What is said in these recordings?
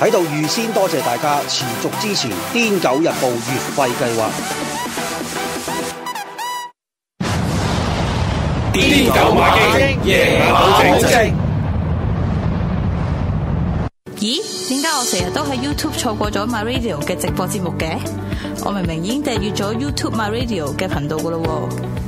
喺度預先多謝大家持續支持《癲狗日報》月費計劃。癲狗馬經，夜咦 Yeah,？點解、yeah, 我成日都喺 YouTube 錯過咗 My Radio 嘅直播節目嘅？我明明已經訂閲咗 YouTube My Radio 嘅頻道噶啦喎。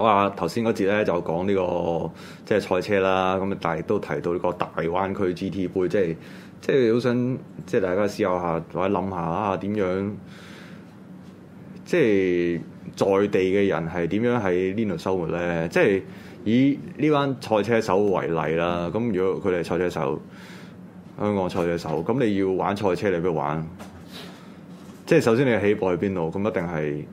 我話頭先嗰節咧就講呢個即係賽車啦，咁但係都提到呢個大灣區 GT 杯，即係即係好想即係大家思考下或者諗下啊，點樣即係在地嘅人係點樣喺呢度生活咧？即係以呢班賽車手為例啦。咁如果佢哋係賽車手，香港賽車手，咁你要玩賽車你邊度玩？即係首先你起步係邊度？咁一定係。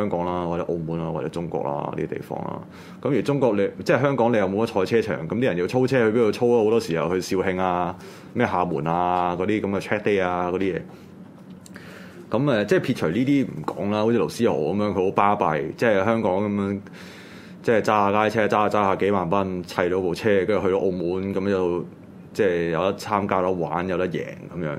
香港啦，或者澳門啦，或者中國啦，呢啲地方啦。咁而中國你即係香港，你又冇得賽車場，咁啲人要操車去邊度操？好多時候去肇慶啊、咩廈門啊嗰啲咁嘅 track day 啊嗰啲嘢。咁誒，即係撇除呢啲唔講啦，好似劉思豪咁樣，佢好巴閉，即係香港咁樣，即係揸下街車，揸下揸下幾萬蚊，砌到部車，跟住去到澳門咁就即係有得參加、有得玩、有得贏咁樣。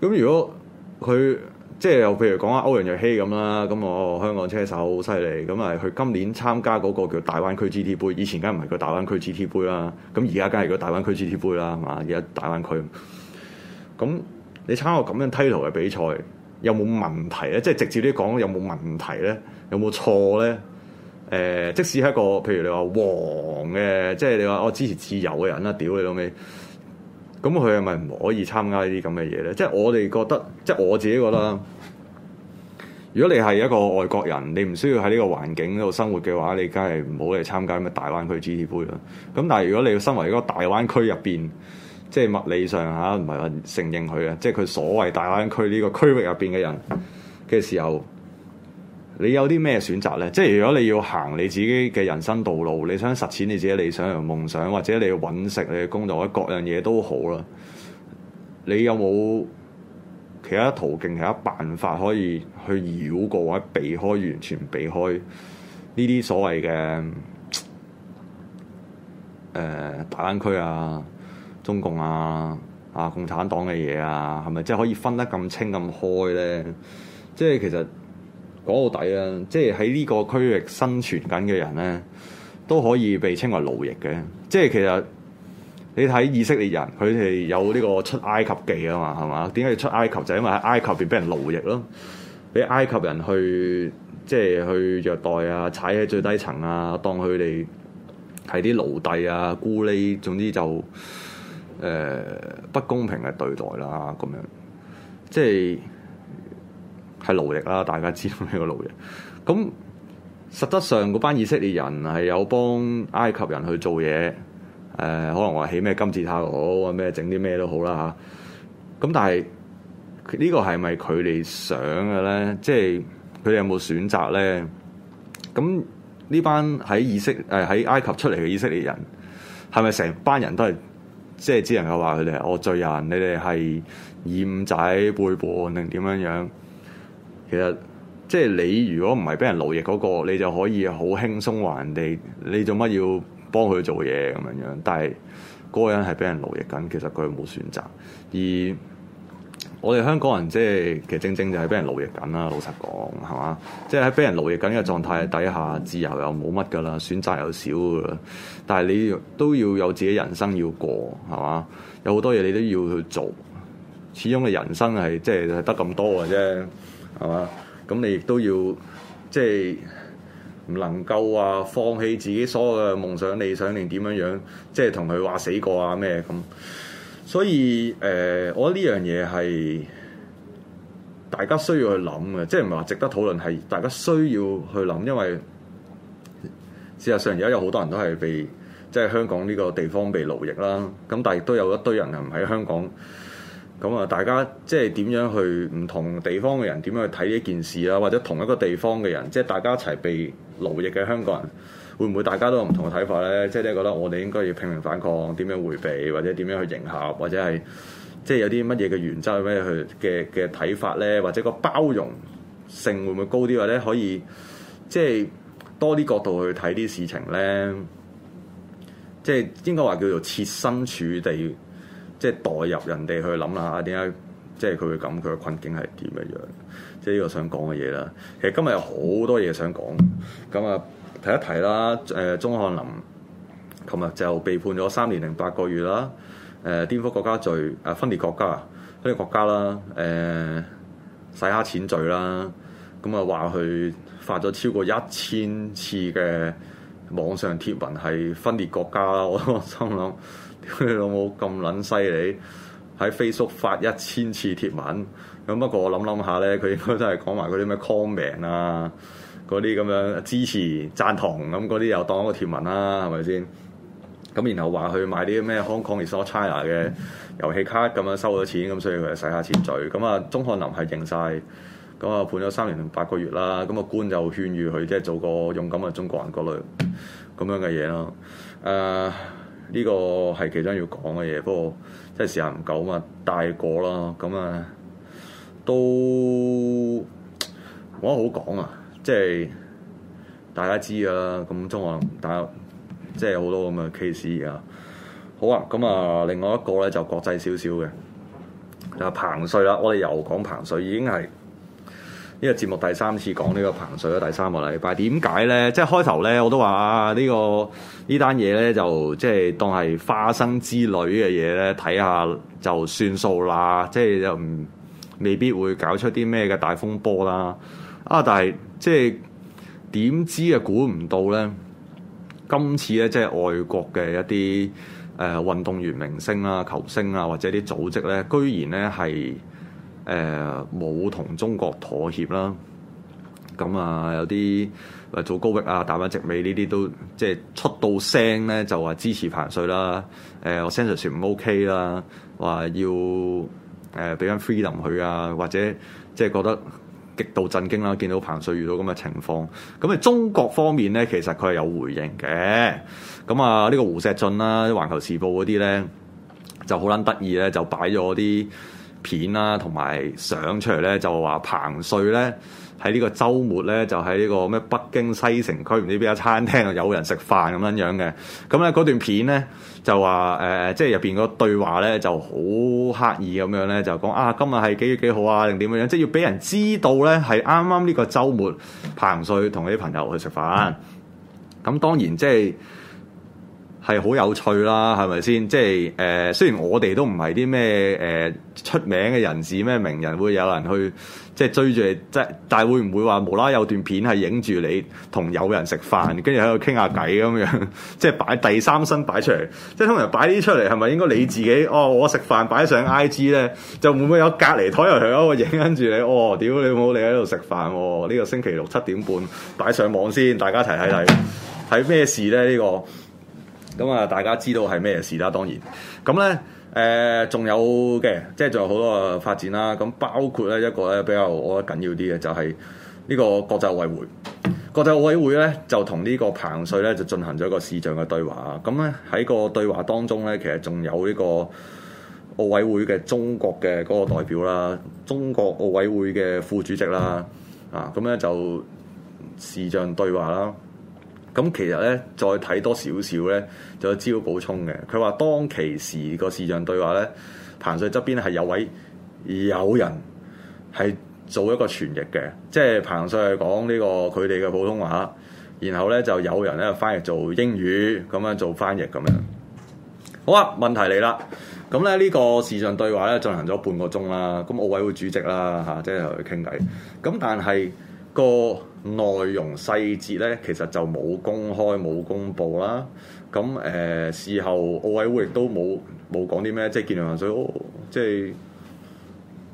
咁如果佢？即係又譬如講下歐陽若曦咁啦，咁我、哦、香港車手好犀利，咁啊佢今年參加嗰個叫大灣區 GT 杯，以前梗唔係個大灣區 GT 杯啦，咁而家梗係個大灣區 GT 杯啦，係嘛？而家大灣區，咁你參加咁樣 Title 嘅比賽有冇問題咧？即係直接啲講，有冇問題咧？有冇錯咧？誒，即使係一個譬如你話黃嘅，即係你話我支持自由嘅人啦、啊，屌你老味！咁佢係咪唔可以參加呢啲咁嘅嘢咧？即係我哋覺得，即係我自己覺得，如果你係一個外國人，你唔需要喺呢個環境度生活嘅話，你梗係唔好嚟參加咩大灣區 G T 杯啦。咁但係如果你身為一個大灣區入邊，即係物理上嚇唔係話承認佢啊，即係佢所謂大灣區呢個區域入邊嘅人嘅時候。你有啲咩選擇呢？即係如果你要行你自己嘅人生道路，你想實踐你自己理想同夢想，或者你要揾食、你嘅工作，或者各樣嘢都好啦。你有冇其他途徑、其他辦法可以去繞過或者避開、完全避開呢啲所謂嘅誒大灣區啊、中共啊、啊共產黨嘅嘢啊？係咪即係可以分得咁清咁開呢？即係其實。講到底啦，即係喺呢個區域生存緊嘅人咧，都可以被稱為奴役嘅。即係其實你睇以色列人，佢哋有呢個出埃及記啊嘛，係嘛？點解要出埃及？就因為喺埃及邊俾人奴役咯，俾埃及人去即係去虐待啊，踩喺最低層啊，當佢哋係啲奴隸啊、孤儡，總之就誒、呃、不公平嘅對待啦，咁樣即係。係勞力啦，大家知道咩叫勞力？咁實質上嗰班以色列人係有幫埃及人去做嘢，誒、呃、可能話起咩金字塔好，或咩整啲咩都好啦嚇。咁、啊、但係呢個係咪佢哋想嘅咧？即係佢哋有冇選擇咧？咁呢班喺以色誒喺、呃、埃及出嚟嘅以色列人係咪成班人都係即係只能夠話佢哋係惡罪人？你哋係二五仔背叛定點樣樣？其實，即係你如果唔係俾人勞役嗰個，你就可以好輕鬆話人哋你做乜要幫佢做嘢咁樣樣。但係嗰個人係俾人勞役緊，其實佢冇選擇。而我哋香港人即係其實正正就係俾人勞役緊啦。老實講係嘛，即係喺俾人勞役緊嘅狀態底下，自由又冇乜噶啦，選擇又少噶啦。但係你都要有自己人生要過係嘛，有好多嘢你都要去做。始終嘅人生係即係得咁多嘅啫。係嘛？咁你亦都要即係唔能夠話放棄自己所有嘅夢想、理想，定點樣樣？即係同佢話死過啊咩咁？所以誒、呃，我覺得呢樣嘢係大家需要去諗嘅，即係唔係話值得討論？係大家需要去諗，因為事實上而家有好多人都係被即係香港呢個地方被奴役啦。咁但係亦都有一堆人係唔喺香港。咁啊，大家即係點樣去唔同地方嘅人點樣去睇呢件事啊？或者同一個地方嘅人，即係大家一齊被奴役嘅香港人，會唔會大家都有唔同嘅睇法咧？即係你覺得我哋應該要拼命反抗，點樣回避，或者點樣去迎合，或者係即係有啲乜嘢嘅原則，咩去嘅嘅睇法咧？或者個包容性會唔會高啲，或者可以即係多啲角度去睇啲事情咧？即係應該話叫做設身處地。即係代入人哋去諗下吓，點解即係佢會咁？佢嘅困境係點嘅樣？即係呢個想講嘅嘢啦。其實今日有好多嘢想講，咁啊提一提啦。誒、呃，鍾翰林琴日就被判咗三年零八個月啦。誒、呃，顛覆國家罪、啊分裂國家、分裂國家啦。誒、啊呃，洗黑錢罪啦。咁啊話佢發咗超過一千次嘅網上貼文係分裂國家啦。我心諗。佢老母咁撚犀利，喺 Facebook 發一千次貼文咁。不過我諗諗下咧，佢應該都係講埋嗰啲咩 comment 啊，嗰啲咁樣支持贊同咁嗰啲又當一個貼文啦，啊，係咪先？咁然後話佢買啲咩 Hong Kong is not China 嘅遊戲卡咁樣收咗錢，咁所以佢就洗下錢罪。咁啊，鍾漢林係認晒。咁啊判咗三年零八個月啦。咁啊，官就勸喻佢即係做個勇敢嘅中國人嗰類咁樣嘅嘢咯。誒、uh。呢個係其中要講嘅嘢，不過即係時間唔夠嘛，大過啦，咁啊都冇乜好講啊，即係大家知噶啦，咁中學大家即係好多咁嘅 case 啊，好啊，咁啊，另外一個咧就是、國際少少嘅，嗱、就是、彭帥啦，我哋又講彭帥已經係。呢個節目第三次講呢個彭帥啦，第三個禮拜點解咧？即係開頭咧，我都話啊，這個、呢個呢單嘢咧就即係當係花生之類嘅嘢咧，睇下就算數啦，即係又唔未必會搞出啲咩嘅大風波啦。啊，但係即係點知啊，估唔到咧，今次咧即係外國嘅一啲誒運動員明星啊、球星啊，或者啲組織咧，居然咧係。誒冇同中國妥協啦，咁、嗯、啊、呃、有啲做祖高域啊、大坂直美呢啲都即係出到聲咧，就話支持彭帥啦，誒我聲勢唔 OK 啦，話要誒俾翻 freedom 佢啊，或者即係覺得極度震驚啦，見到彭帥遇到咁嘅情況，咁、嗯、啊中國方面咧其實佢係有回應嘅，咁啊呢個胡錫進啦、環球時報嗰啲咧就好撚得意咧，就擺咗啲。片啦，同埋相出嚟，咧就話彭帥咧喺呢個週末咧就喺呢個咩北京西城區唔知邊間餐廳啊，有人食飯，咁樣樣嘅。咁咧段片咧就話誒、呃、即係入邊個對話咧就好刻意咁樣咧就講啊今日係幾月幾好啊定點樣樣，即係要俾人知道咧，係啱啱呢剛剛個週末彭帥同佢啲朋友去食飯，咁、嗯、當然即、就、係、是。係好有趣啦，係咪先？即係誒、呃，雖然我哋都唔係啲咩誒出名嘅人士，咩名人會有人去即係追住即係，但係會唔會話無啦有段片係影住你同友人食飯，跟住喺度傾下偈咁樣，即係擺第三身擺出嚟，即係通常擺啲出嚟係咪應該你自己？哦，我食飯擺上 IG 咧，就會唔會有隔離台又嚟一個影跟住你？哦，屌你冇你喺度食飯喎？呢、哦呢個星期六七點半擺上網先，大家一齊睇睇睇咩事咧？呢、呢個咁啊，大家知道係咩事啦？當然，咁咧誒，仲、呃、有嘅，即係仲有好多嘅發展啦。咁包括咧一個咧比較我覺得緊要啲嘅，就係、是、呢個國際奧委會。國際奧委會咧就同呢個彭帥咧就進行咗個視像嘅對話。咁咧喺個對話當中咧，其實仲有呢個奧委會嘅中國嘅嗰個代表啦，中國奧委會嘅副主席啦，啊，咁咧就視像對話啦。咁其實咧，再睇多少少咧，就有資料補充嘅。佢話當其時個視像對話咧，彭帥側邊咧係有位有人係做一個傳譯嘅，即係彭帥講呢個佢哋嘅普通話，然後咧就有人咧翻譯做英語，咁樣做翻譯咁樣。好啊，問題嚟啦。咁咧呢個視像對話咧進行咗半個鐘啦，咁奧委會主席啦嚇，即係同佢傾偈。咁但係個內容細節咧，其實就冇公開冇公布啦。咁誒、呃、事後奧委會亦都冇冇講啲咩，即係見到彭帥，哦、即係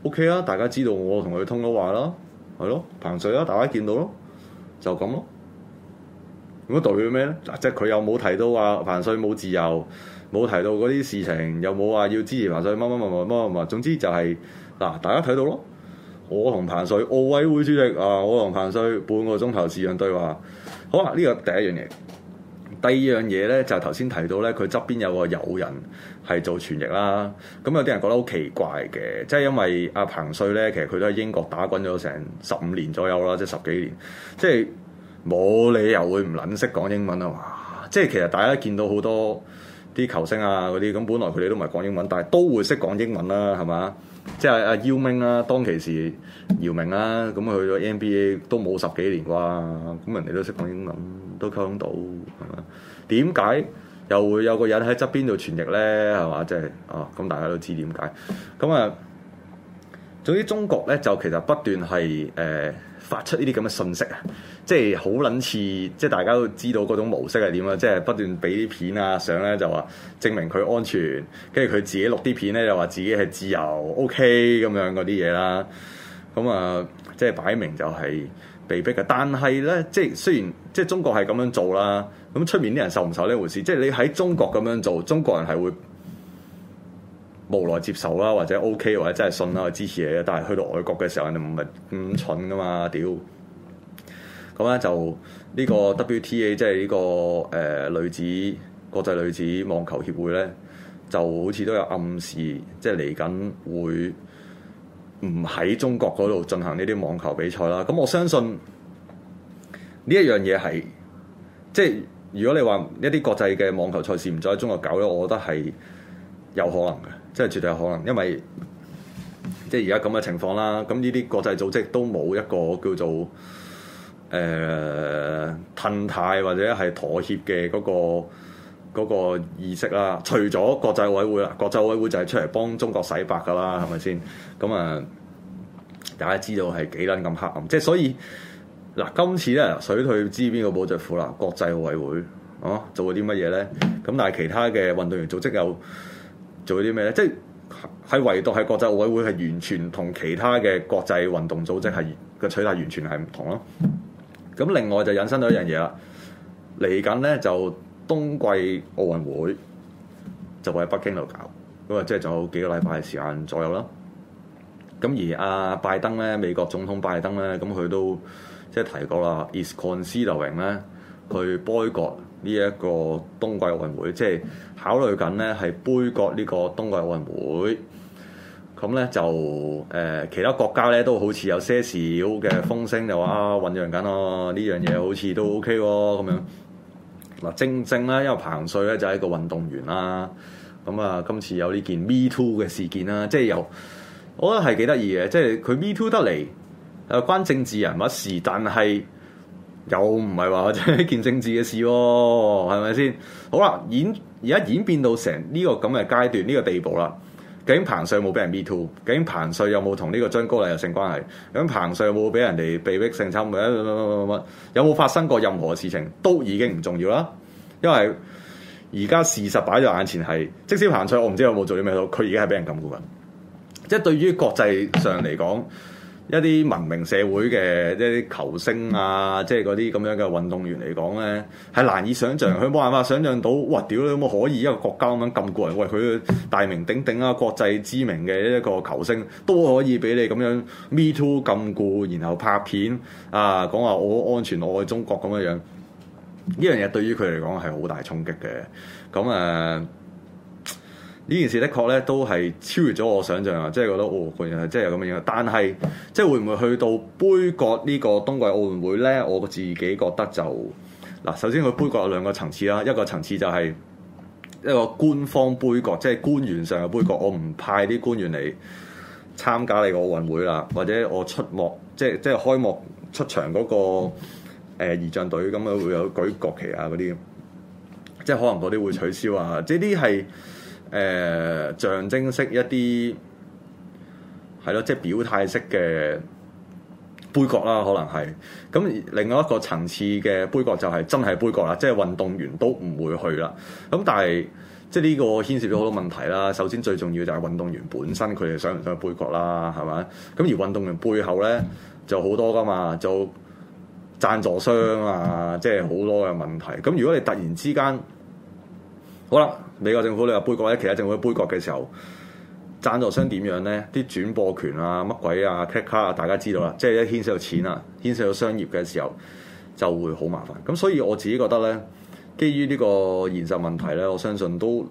OK 啦。大家知道我同佢通咗話啦，係咯，彭帥啦、啊，大家見到咯，就咁咯。咁代表咩咧？即係佢又冇提到話、啊、彭帥冇自由，冇提到嗰啲事情，又冇話要支持彭帥，乜乜乜乜乜乜，總之就係、是、嗱，大家睇到咯。我同彭帥奧委會主席啊，我同彭帥半個鐘頭視像對話，好啊！呢個第一樣嘢，第二樣嘢咧就係頭先提到咧，佢側邊有個友人係做傳譯啦。咁有啲人覺得好奇怪嘅，即係因為阿彭帥咧，其實佢都喺英國打滾咗成十五年左右啦，即係十幾年，即係冇理由會唔撚識講英文啊！即係其實大家見到好多啲球星啊嗰啲，咁本來佢哋都唔係講英文，但係都會識講英文啦，係嘛？即係阿姚明啦，當其時姚明啦，咁佢去咗 NBA 都冇十幾年啩，咁人哋都識講英文，都溝通到係嘛？點解又會有個人喺側邊度傳譯咧？係嘛？即係哦，咁、啊、大家都知點解。咁、嗯、啊，總之中國咧就其實不斷係誒。呃發出呢啲咁嘅信息啊，即係好撚似，即係大家都知道嗰種模式係點啦，即係不斷俾啲片啊、相咧，就話證明佢安全，跟住佢自己錄啲片咧，又話自己係自由，OK 咁樣嗰啲嘢啦。咁啊，即係擺明就係被逼嘅。但係咧，即係雖然即係中國係咁樣做啦，咁出面啲人受唔受呢回事？即係你喺中國咁樣做，中國人係會。無奈接受啦，或者 OK，或者真係信啦去支持你啊。但係去到外國嘅時候，你唔係咁蠢噶嘛屌！咁咧就呢個 WTA 即係呢個誒女子國際女子網球協會咧，就好似都有暗示，即係嚟緊會唔喺中國嗰度進行呢啲網球比賽啦。咁我相信呢一樣嘢係即係，如果你話一啲國際嘅網球賽事唔再喺中國搞咧，我覺得係。有可能嘅，即係絕對有可能，因為即係而家咁嘅情況啦。咁呢啲國際組織都冇一個叫做誒吞泰或者係妥協嘅嗰、嗰個嗰、嗰個意識啦。除咗國際奧委會啦，國際奧委會就係出嚟幫中國洗白噶啦，係咪先？咁啊，大家知道係幾撚咁黑暗，即係所以嗱，今次咧水退知邊個冇著褲啦？國際奧委會哦、啊，做過啲乜嘢咧？咁但係其他嘅運動員組織又？做啲咩咧？即係係唯獨係國際奧委會係完全同其他嘅國際運動組織係個取態完全係唔同咯。咁另外就引申到一樣嘢啦，嚟緊咧就冬季奧運會就會喺北京度搞，咁啊即係仲有幾個禮拜嘅時間左右啦。咁而阿拜登咧，美國總統拜登咧，咁佢都即係提過啦，is considering 咧。佢杯葛呢一個冬季奧運會，即係考慮緊咧，係杯葛呢個冬季奧運會。咁咧就誒、呃，其他國家咧都好似有些少嘅風聲，就話啊，醖釀緊咯，呢樣嘢好似都 OK 喎，咁樣。嗱，正正啦，因為彭帥咧就係一個運動員啦。咁啊，今次有呢件 Me Too 嘅事件啦，即係有，我覺得係幾得意嘅，即係佢 Me Too 得嚟，誒關政治人物事，但係，又唔係話真係一件政治嘅事喎，哦，係咪先？好啦、啊，演而家演變到成呢個咁嘅階段，呢個地步啦。究竟彭帥有冇俾人 me too？究竟彭帥有冇同呢個張高麗有性關係？究竟彭帥有冇俾人哋被逼性侵？乜乜乜乜乜，有冇發生過任何事情，都已經唔重要啦。因為而家事實擺咗眼前係，即使彭帥我唔知有冇做啲咩到，佢而家係俾人禁股緊嘅。即係對於國際上嚟講。一啲文明社會嘅一啲球星啊，即係嗰啲咁樣嘅運動員嚟講咧，係難以想象，佢冇辦法想象到，哇！屌你有冇可以一個國家咁樣禁錮人，喂佢大名鼎鼎啊，國際知名嘅一個球星都可以俾你咁樣 me too 禁錮，然後拍片啊，講話我安全我愛中國咁嘅樣，呢樣嘢對於佢嚟講係好大衝擊嘅，咁誒。呢件事的確咧，都係超越咗我想象啊！即係覺得哦，果人係即係有咁嘅樣。但係即係會唔會去到杯葛呢個冬季奧運會咧？我自己覺得就嗱，首先佢杯葛有兩個層次啦。一個層次就係一個官方杯葛，即係官員上嘅杯葛。我唔派啲官員嚟參加你個奧運會啦，或者我出幕即係即係開幕出場嗰、那個誒儀仗隊咁啊，呃、咁樣會有舉國旗啊嗰啲，即係可能嗰啲會取消啊。即係啲係。誒、呃、象徵式一啲係咯，即係表態式嘅杯葛啦，可能係咁。另外一個層次嘅杯葛就係真係杯葛啦，即係運動員都唔會去啦。咁但係即係呢個牽涉咗好多問題啦。首先最重要就係運動員本身佢哋想唔想杯葛啦，係咪？咁而運動員背後咧就好多㗎嘛，就贊助商啊，即係好多嘅問題。咁如果你突然之間好啦。美國政府你話杯葛咧，其他政府杯葛嘅時候，贊助商點樣咧？啲轉播權啊，乜鬼啊，ticket 啊，大家知道啦，即係一牽涉到錢啊，牽涉到商業嘅時候就會好麻煩。咁所以我自己覺得咧，基於呢個現實問題咧，我相信都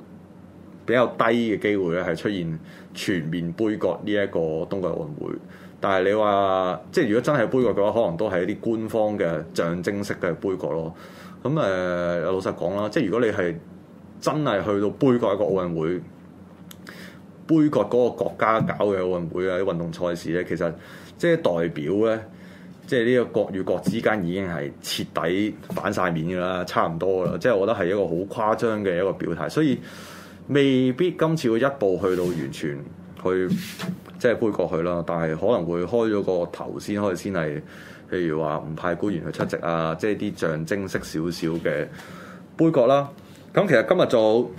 比較低嘅機會咧，係出現全面杯葛呢一個冬季奧運會。但係你話即係如果真係杯葛嘅話，可能都係一啲官方嘅象徵式嘅杯葛咯。咁誒、呃、老實講啦，即係如果你係真係去到杯葛一個奧運會，杯葛嗰個國家搞嘅奧運會啊啲運動賽事咧，其實即係代表咧，即係呢個國與國之間已經係徹底反晒面㗎啦，差唔多啦，即係我覺得係一個好誇張嘅一個表態，所以未必今次會一步去到完全去即係杯葛佢啦，但係可能會開咗個頭先，可以先係譬如話唔派官員去出席啊，即係啲象徵式少少嘅杯葛啦。咁其實今日做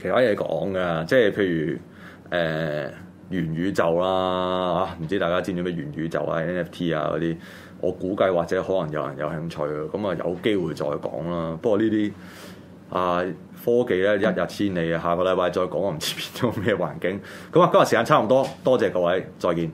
其他嘢講嘅，即係譬如誒元宇宙啦嚇，唔知大家知唔知咩元宇宙啊，宇宙啊 NFT 啊嗰啲，我估計或者可能有人有興趣，咁啊有機會再講啦。不過呢啲啊科技咧一日千里啊，下個禮拜再講，我唔知變咗咩環境。咁、嗯、啊今日時間差唔多，多謝各位，再見。